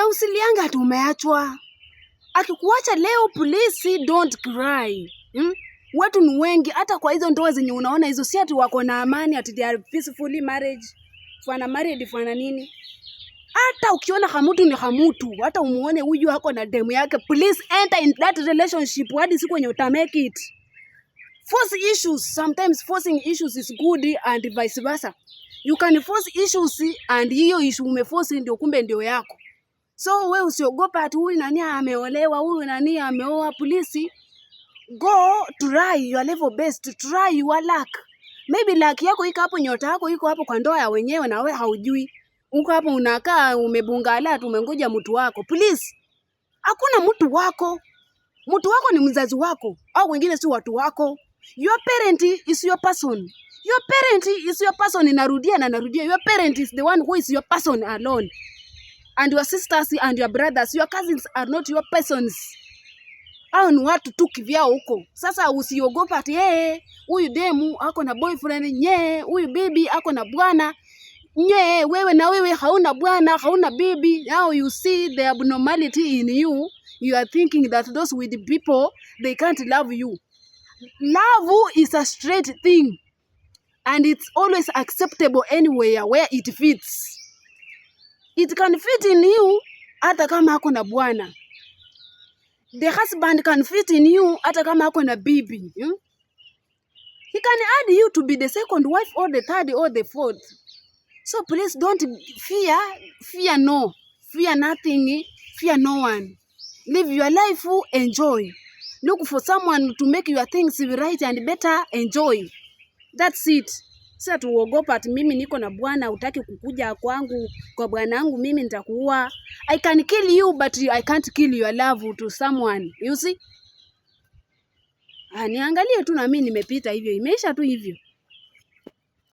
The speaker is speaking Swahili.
na usilianga ati umeachwa. Akikuacha leo polisi don't cry. Hmm? Watu ni wengi hata kwa hizo ndoa zenye unaona hizo si ati wako na amani ati they are peacefully marriage. Fana married fana nini? Hata ukiona hamutu ni hamutu, hata umuone huyu hako na demu yake, please enter in that relationship hadi siku yenye utamake it. Force issues, sometimes forcing issues is good and vice versa. You can force issues and hiyo issue umeforce ndio kumbe ndio yako. So we usiogopa ati huyu nani ameolewa, huyu nani ameoa. Polisi, go try your level best, try your luck. Maybe luck yako iko hapo, nyota yako iko hapo kwa ndoa ya wenyewe, na we haujui. Uko hapo unakaa umebungala tu, umengoja mtu wako. Please, hakuna mtu wako. Mtu wako ni mzazi wako, au wengine si watu wako. Your parent is your person. Your parent is your person. Inarudia na narudia, your parent is the one who is your person alone and your sisters and your brothers your cousins are not your persons. Hao ni watu tu kivyao huko. Sasa usiogopa ati yeye huyu demu ako na boyfriend, nye huyu bibi ako na bwana, nye wewe na wewe hauna bwana, hauna bibi. Now you see the abnormality in you. You are thinking that those with people they can't love you. Love is a straight thing and it's always acceptable anywhere where it fits. It can fit in you hata kama ako na bwana. The husband can fit in you hata kama ako na bibi. Hmm? He can add you to be the second wife or the third or the fourth. So please don't fear, fear no, fear nothing, fear no one. Live your life, enjoy. Look for someone to make your things right and better, enjoy. That's it. Sasa tuogopa ati mimi niko na bwana, utaki kukuja kwangu kwa wangu mimi nitakuua. I can kill you but I can't kill your love to someone you see. Ah, niangalie tu na mimi nimepita hivyo, imeisha tu hivyo.